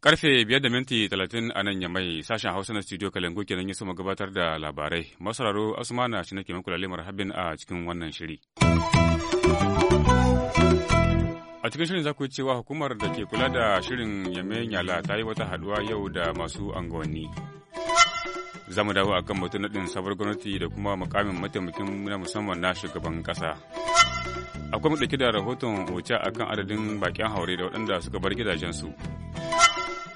Karfe biyar da minti talatin a nan yamai sashen Hausa na studio Kalangu kenan ya suma gabatar da labarai. Masararo Asmana shi nake muku lalimar habin a cikin wannan shiri. A cikin shirin za ku cewa hukumar da ke kula da shirin Yemen Yala ta yi wata haduwa yau da masu anguwanni. za mu dawo akan batun naɗin sabar gwamnati da kuma mukamin mataimakin na musamman na shugaban kasa Akwai mu ɗauki da rahoton hoca akan adadin baƙin haure da waɗanda suka bar gidajensu.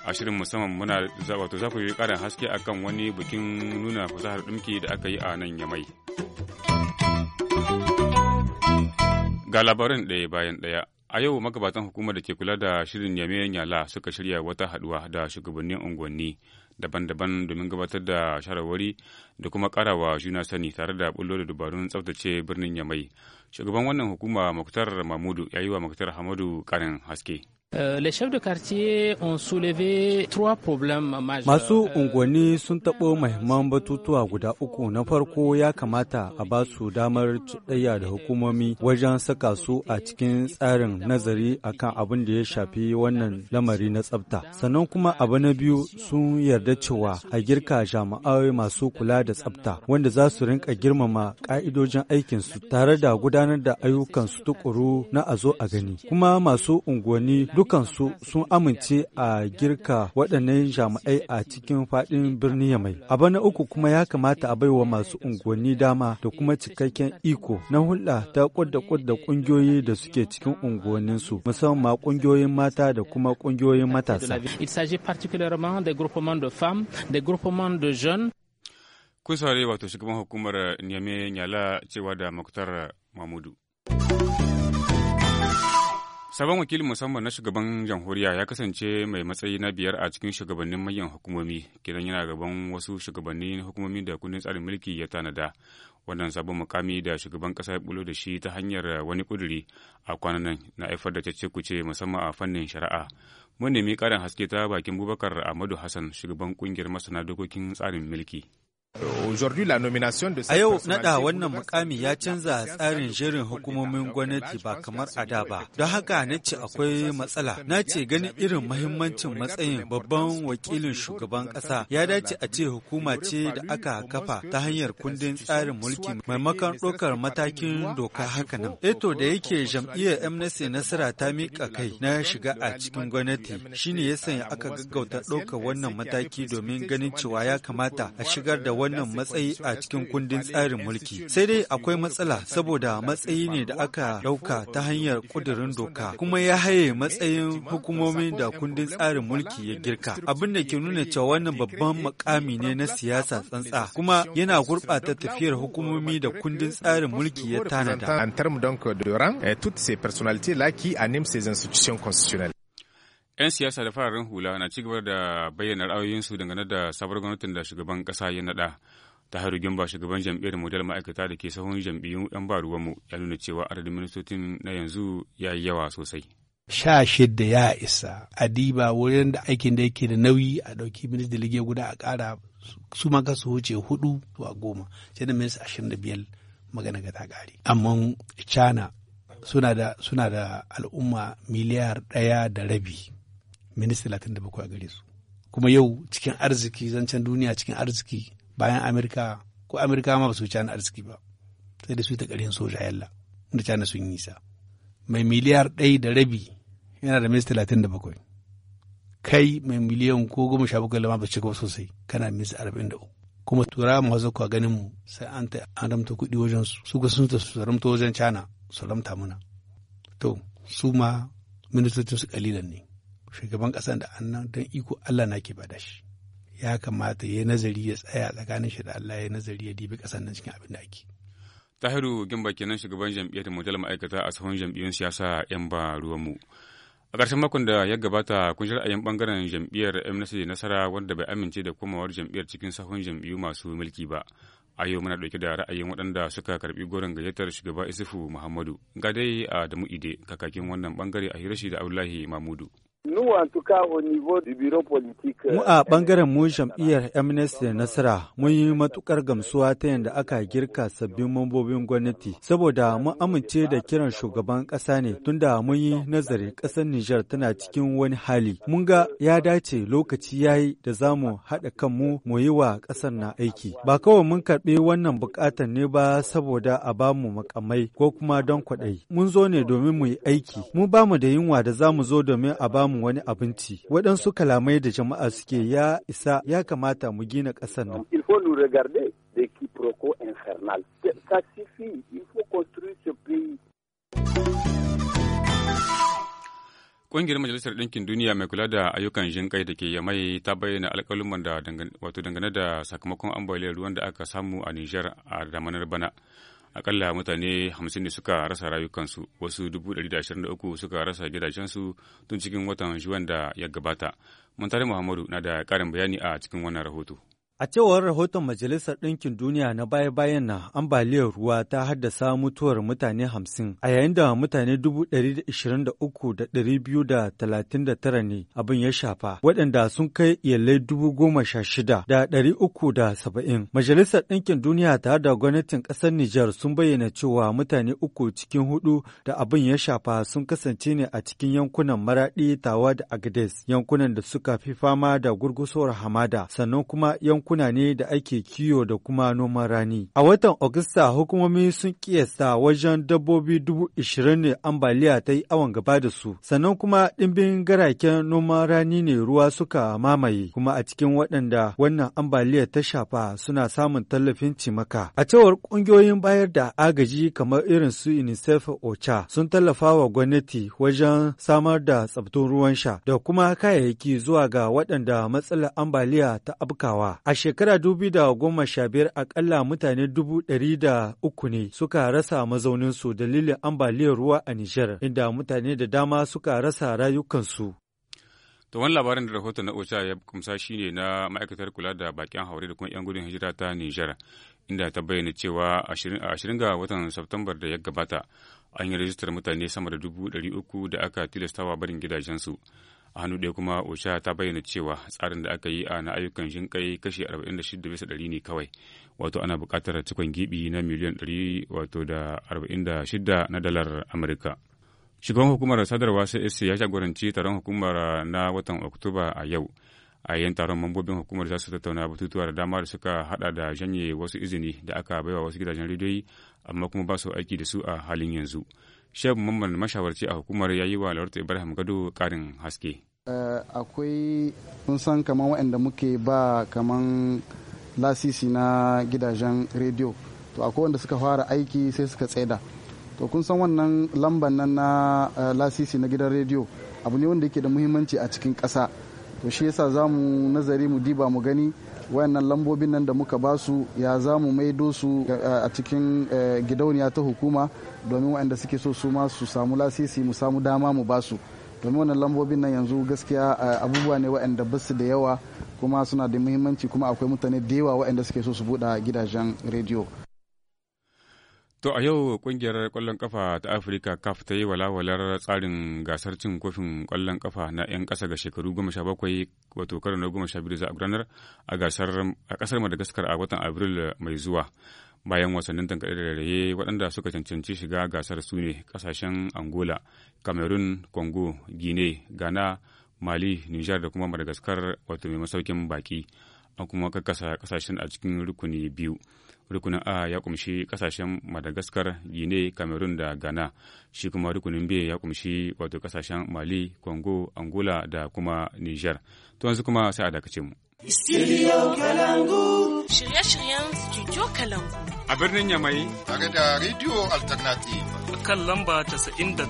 A shirin musamman muna wato za ku yi ƙarin haske akan wani bikin nuna fasahar ɗumki da aka yi a nan Yamai. Ga labarin ɗaya bayan ɗaya. A yau magabatan hukumar da ke kula da shirin Yame Yala suka shirya wata haɗuwa da shugabannin unguwanni daban-daban domin gabatar da shawarwari da kuma karawa juna sani tare da bullo da dubarun tsaftace birnin Yamai. Shugaban wannan hukuma Muktar Mahmudu ya yi wa Muktar Hamadu karin haske. Euh, les chefs de Masu euh, unguwanni sun taɓo mahimman batutuwa guda uku na farko ya kamata a ba su damar cuɗayya da hukumomi wajen saka su a cikin tsarin nazari akan abin da ya shafi wannan lamari na tsafta. Sannan kuma abu na biyu sun yarda cewa a girka jama'ai masu kula da tsafta wanda za su rinka girmama ka'idojin aikinsu tare da gudanar da ayyukansu tukuru na a zo a gani. Kuma masu unguwanni duk dukansu sun amince a girka waɗannan jami'ai a cikin faɗin birnin Yamai. A bana uku kuma ya kamata a baiwa masu unguwanni dama da kuma cikakken iko na hulɗa ta kudda kudda ƙungiyoyi da suke cikin unguwanninsu musamman ma ƙungiyoyin mata da kuma ƙungiyoyin matasa. Il s'agit particulièrement des groupements de femmes, des groupements de jeunes. Kun saurari wato shugaban hukumar Niamey Nyala cewa da Muktar Mamudu. Sabon wakilin musamman na shugaban jamhuriya ya kasance mai matsayi na biyar a cikin shugabannin manyan hukumomi, kenan yana gaban wasu shugabannin hukumomi da kundin tsarin mulki ya tanada. Wannan sabon mukami da shugaban kasa ya bulo da shi ta hanyar wani kuduri a kwanan nan na haifar da cece-kuce musamman a fannin shari'a. Mun nemi ƙarin haske ta bakin Bubakar Ahmadu Hassan, shugaban kungiyar masana dokokin tsarin mulki. Euh, a yau naɗa wannan mukami ya canza tsarin jerin hukumomin gwamnati ba kamar a da ba. Don haka na ce akwai matsala. Na ce ganin irin mahimmancin matsayin babban wakilin shugaban ƙasa ya dace a ce hukuma ce da aka kafa ta hanyar kundin tsarin mulki maimakon ɗaukar matakin doka haka nan. Eto da yake jam'iyyar MNC Nasara ta miƙa kai na shiga a cikin gwamnati shine ya sanya aka gaggauta ɗaukar wannan mataki domin ganin cewa ya kamata a shigar da wannan matsayi a cikin kundin tsarin mulki. Sai dai akwai matsala saboda matsayi ne da aka ɗauka ta hanyar ƙudurin doka kuma ya haye matsayin hukumomin da kundin tsarin mulki ya girka. Abin da ke nuna cewa wannan babban makami ne na siyasa tsantsa kuma yana gurɓata tafiyar hukumomi da kundin tsarin mulki ya tanada. En termes donc de rang, eh, toutes ces personnalités-là qui animent ces institutions constitutionnelles. 'Yan siyasa da fararen hula na ci gaba da bayyana ra'ayoyinsu dangane da sabuwar gwamnatin da shugaban ƙasa ya naɗa. ta haru gimba shugaban jam'iyyar model ma'aikata da ke sahun jam'iyyun 'yan ba mu ya nuna cewa adadin ministocin na yanzu ya yi yawa sosai. sha shidda ya isa adiba diba wurin da aikin da yake da nauyi a ɗauki minis lige guda a ƙara su ma su wuce hudu zuwa goma sai da minis ashirin da biyar magana ga tagari amma china suna da al'umma miliyar ɗaya da rabi da 37 a gare su kuma yau cikin arziki zancen duniya cikin arziki bayan amerika ko amerika ma ba su wuce arziki ba sai da su ta ƙarin soja yalla da cana sun yi sa mai miliyar ɗaya da rabi yana da da 37 kai mai miliyan ko goma sha bakwai lama ba ci gaba sosai kana da 43 kuma tura masu kwa ganin mu sai an ta an ramta kuɗi wajen su su ga sun ta su ramta wajen cana su ramta muna to su ma ministocin su kalilan ne shugaban ƙasan da annan don iko Allah na ke bada shi ya kamata ya nazari ya tsaya tsakanin shi da Allah ya nazari ya dibi ƙasan nan cikin abin da ake Tahiru Gimba kenan shugaban jam'iyyar Mujallar Ma'aikata a sahun jam'iyyun siyasa 'yan ba mu A ƙarshen makon da ya gabata kun shirya yan ɓangaren jam'iyyar MNC Nasara wanda bai amince da komawar jam'iyyar cikin sahun jam'iyyu masu mulki ba. A yau muna ɗauke da ra'ayin waɗanda suka karɓi goron gayyatar shugaba Isufu Muhammadu. Ga dai Adamu Ide kakakin wannan ɓangare a hirashi da Abdullahi Mamudu. Mu a bangaren mu jam'iyyar Amnesty Nasara mun yi matukar gamsuwa ta yadda aka girka sabbin mambobin gwamnati saboda mu amince da kiran shugaban ƙasa ne tunda mun yi nazari kasar Nijar tana cikin wani hali. Mun ga ya dace lokaci yayi da zamu mu haɗa kanmu mu yi wa ƙasar na aiki. Ba kawai mun karɓi wannan buƙatar ne ba saboda a ba mu makamai ko kuma don kwaɗayi. Mun zo ne domin mu yi aiki. Mu ba mu da yunwa da za mu zo domin a ba samun wani abinci waɗansu kalamai da jama'a suke ya isa ya kamata mu gina ƙasar nan Ƙungiyar Majalisar Ɗinkin Duniya mai kula da ayyukan jin kai da ke yamai ta bayyana alƙaluman da wato dangane da sakamakon ambaliyar ruwan da aka samu a Nijar a ramanar bana. akalla mutane 50 ne suka rasa rayukansu wasu 123 suka rasa gidajensu tun cikin watan juwan da ya gabata muntari muhammadu na da karin bayani a cikin wannan rahoto A cewar rahoton Majalisar Ɗinkin Duniya na baya-bayan na ambaliyar ruwa ta haddasa mutuwar mutane hamsin, a yayin da mutane tara ne abin ya shafa, waɗanda sun kai iyalai dubu shida da saba'in. Majalisar Ɗinkin Duniya ta da gwamnatin ƙasar Nijar sun bayyana cewa mutane uku cikin hudu da abin ya shafa sun kasance ne a cikin yankunan Maraɗi, Tawa da Agades, yankunan da suka fi fama da gurgusowar hamada, sannan kuma yankunan yankuna ne da ake kiwo da kuma noman rani. A watan Agusta hukumomi sun kiyasta wajen dabbobi dubu ishirin ne ambaliya ta yi awon gaba da su, sannan kuma ɗimbin garaken noman rani ne ruwa suka mamaye, kuma a cikin waɗanda wannan ambaliya ta shafa suna samun tallafin cimaka. A cewar ƙungiyoyin bayar da agaji kamar irin su UNICEF OCHA sun tallafa wa gwamnati wajen samar da tsabtun ruwan sha da kuma kayayyaki zuwa ga waɗanda matsalar ambaliya ta abkawa A A shekara dubi da goma sha biyar akalla mutane dubu ɗari da uku ne suka rasa mazaunin su dalilin ambaliyar ruwa a Nijar, inda mutane da dama suka rasa rayukansu. To wani labarin da rahoto na OCHA ya kumsa shine na ma'aikatar kula da bakin haure da kuma 'yan gudun hijira ta Nijar, inda ta bayyana cewa a ashirin ga watan Septambar da ya gabata an yi rajistar mutane sama da dubu da aka tilastawa barin gidajensu. a hannu ɗaya kuma osha ta bayyana cewa tsarin da aka yi a na ayyukan jinƙai kashi shida bisa ɗari ne kawai wato ana buƙatar cikon gibi na miliyan 100 wato da 46 na dalar amurka shugaban hukumar sadarwa csc ya jagoranci taron hukumar na watan oktoba a yau a yayin taron mambobin hukumar za su tattauna batutuwa da dama da suka hada da janye wasu izini da aka baiwa wasu gidajen rediyoyi amma kuma ba su aiki da su a halin yanzu Shehu Mamman mashawarci a hukumar ya yi wa lawarta Ibrahim Gado karin haske. Eh, akwai kun san kamar waɗanda muke ba kamar lasisi na gidajen rediyo. To akwai wanda suka fara aiki sai suka tsaida To kun san wannan lambar nan na eh, lasisi na gidan rediyo abu ne wanda yake da muhimmanci a cikin ƙasa. To shi yasa za mu nazari mu diba mu gani wayannan lambobin nan da muka ba su ya za mu maido su eh, a cikin eh, gidauniya ta hukuma domin wayanda suke so su ma su samu lasisi mu samu dama mu ba su domin wannan lambobin nan yanzu gaskiya eh, abubuwa ne wayanda ba su da yawa kuma suna da muhimmanci kuma akwai mutane da yawa wayanda suke so su buɗe gidajen rediyo To a yau kungiyar kwallon kafa ta Afirka CAF ta yi walawalar tsarin gasar cin kofin kwallon kafa na 'yan ƙasa ga shekaru 17 wato karo na 12 za a gudanar a gasar a ƙasar Madagascar a watan Abril mai zuwa. Bayan wasannin tankaɗe da raye waɗanda suka cancanci shiga gasar su ne ƙasashen Angola, Cameroon, Congo, Guinea, Ghana, Mali, niger da kuma Madagascar wato mai masaukin baki. an kuma kasa kasashen a cikin rukuni biyu rukunin a ya kumshi kasashen madagascar guinea cameroon da ghana shi kuma rukunin b ya kumshi wato kasashen mali congo angola da kuma niger to yanzu kuma sai a dakace mu Studio Kalangu. Shirye-shiryen Studio Kalangu. A birnin Yamai. Tare da Radio Alternative. A kan lamba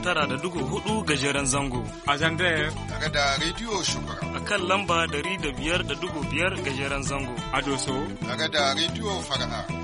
tara da dugu hudu gajeren zango. A Zandaya. Tare da Radio Shugaba. A kan lamba dari da da dugu biyar gajeren zango. A Doso. Tare da Radio Fara'a.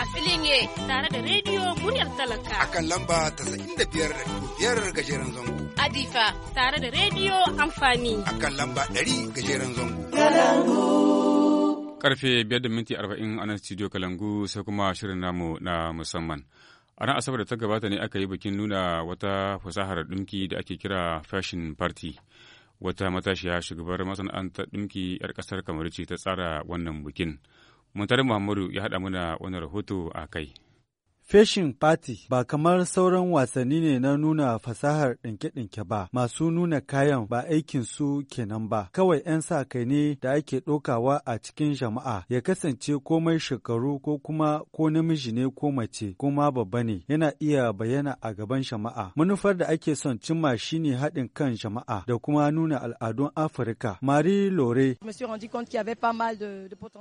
a filin ye tare da rediyo muryar talaka. A kan lamba ta da biyar da biyar gajeren zango. difa tare da rediyo amfani. A kan lamba ɗari gajeren zango. Kalangu. Karfe biyar da minti arba'in a nan studio Kalangu sai kuma shirin namu na musamman. A ran Asabar da ta gabata ne aka yi bikin nuna wata fasahar dumki da ake kira fashion party. Wata matashiya shugabar masana'antar dumki 'yar kasar kamar ce ta tsara wannan bikin. Muntar Muhammadu ya haɗa mana wani rahoto a kai. Fashion Party ba kamar sauran wasanni ne na nuna fasahar ɗinke-ɗinke ba, masu nuna kayan ba aikin su kenan ba, kawai 'yan sa kai ne da ake ɗokawa a cikin jama'a ya kasance komai shekaru ko kuma ko namiji ne ko mace kuma babba ne yana iya bayyana a gaban jama'a. Manufar da ake son cimma shine haɗin kan jama'a da kuma nuna al'adun Afirka. Marie Lore.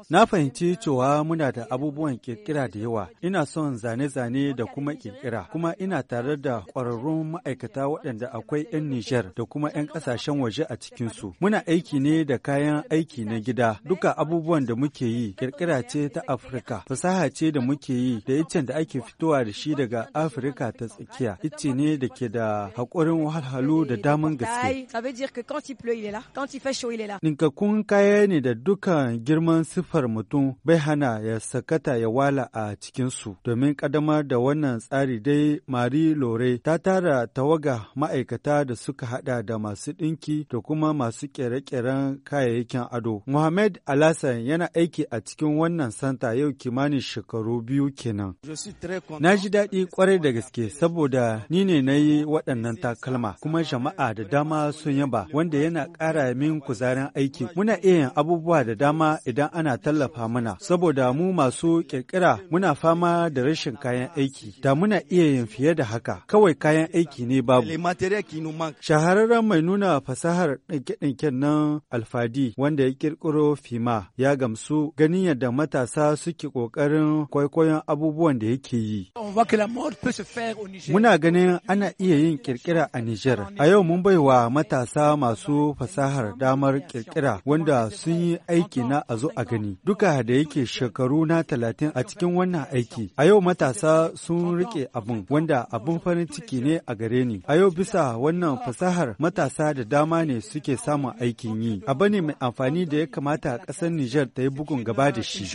Na fahimci cewa muna da abubuwan ƙirƙira da yawa. Ina son zane zane da kuma kirkira kuma ina tare da ƙwararrun ma'aikata waɗanda akwai 'yan Nijar da kuma 'yan ƙasashen waje a cikinsu. Muna aiki ne da kayan aiki na gida duka abubuwan da muke yi kirkira ce ta Afirka fasaha ce da muke yi da iccen da ake fitowa da shi daga Afirka ta tsakiya icce ne da ke da haƙurin wahalhalu da daman gaske. ninkakun kaya ne da dukan girman siffar mutum bai hana ya sakata ya wala a cikinsu domin ƙadam samar da wannan tsari dai Marie Lore ta tara tawaga ma'aikata da suka hada da masu ɗinki da kuma masu kere-keren kayayyakin ado. Mohamed Alassan yana aiki a cikin wannan santa yau kimanin shekaru biyu kenan. Na ji daɗi kwarai da gaske saboda ni ne na yi waɗannan takalma kuma jama'a da dama sun yaba wanda yana ƙara min kuzarin aiki. Muna iya yin abubuwa da dama idan ana tallafa mana saboda mu masu ƙirƙira muna fama da rashin kayan kayan aiki, da muna iya yin fiye da haka, kawai kayan aiki ne babu. Shahararren mai nuna fasahar ɗinke-ɗinken nan Alfadi wanda ya ƙirƙiro Fima ya gamsu ganin yadda matasa suke ƙoƙarin kwaikwayon abubuwan da yake yi. Muna ganin ana iya yin ƙirƙira a Nijar. A yau mun bai wa matasa masu fasahar damar ƙirƙira wanda sun yi aiki na a a gani. Duka da yake shekaru na talatin a cikin wannan aiki. A yau matasa ƙasa sun rike abun wanda abun farin ciki ne a gare ni. A yau bisa wannan fasahar matasa da dama ne suke samun aikin yi. Abu ne mai amfani da ya kamata ƙasar Nijar ta yi bugun gaba da shi.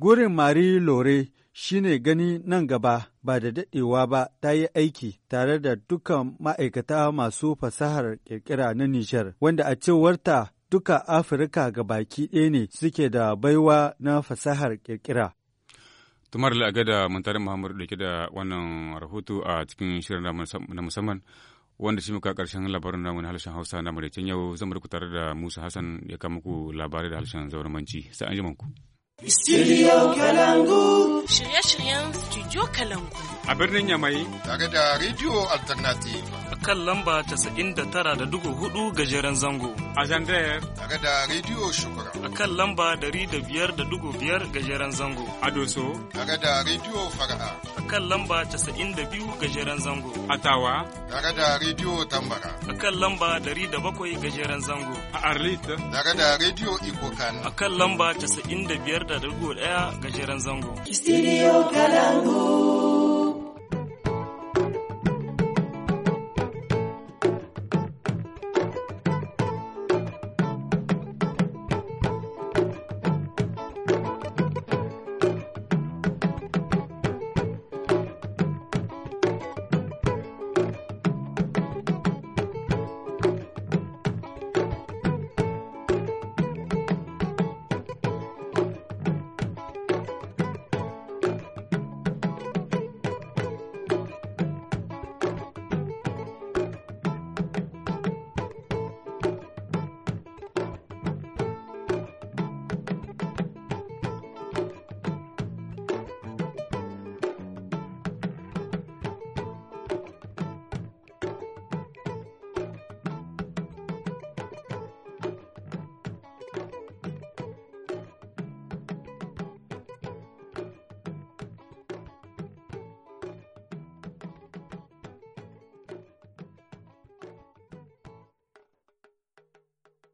Gurin mari Lore shi ne gani nan gaba ba da daɗewa ba ta yi aiki tare da dukkan ma'aikata masu fasahar ƙirƙira na Nijar, wanda a cewarta duka Afirka ga baki ɗaya ne suke da baiwa na fasahar ƙirƙira. tumar lagada da muntari muhammadu dauke da wannan rahoto a cikin shirin na musamman wanda shi muka karshen labarin namu na harshen hausa na maraicin yau zan tare da musa hassan ya kama ku labarai da harshen zauramanci sai an ji ku. Studio Kalangu. Shirye-shiryen Studio Kalangu. A birnin Yamai. Tare da Radio Alternative. A kan lamba da tara da dugu hudu gajeren zango. A Zandayar. Tare da Radio Shukura. A kan lamba dari da biyar da biyar dugu biyar gajeren zango. A Doso. Tare da Radio Fara'a. kan lamba 92 gajeren zango. A Tawa. Daga da Radio Tambara. A kan lamba 107 gajeren zango. A Arlita. Daga da Radio Ikokan. A kan lamba 95.1 gajeren zango. Studio Kalangu.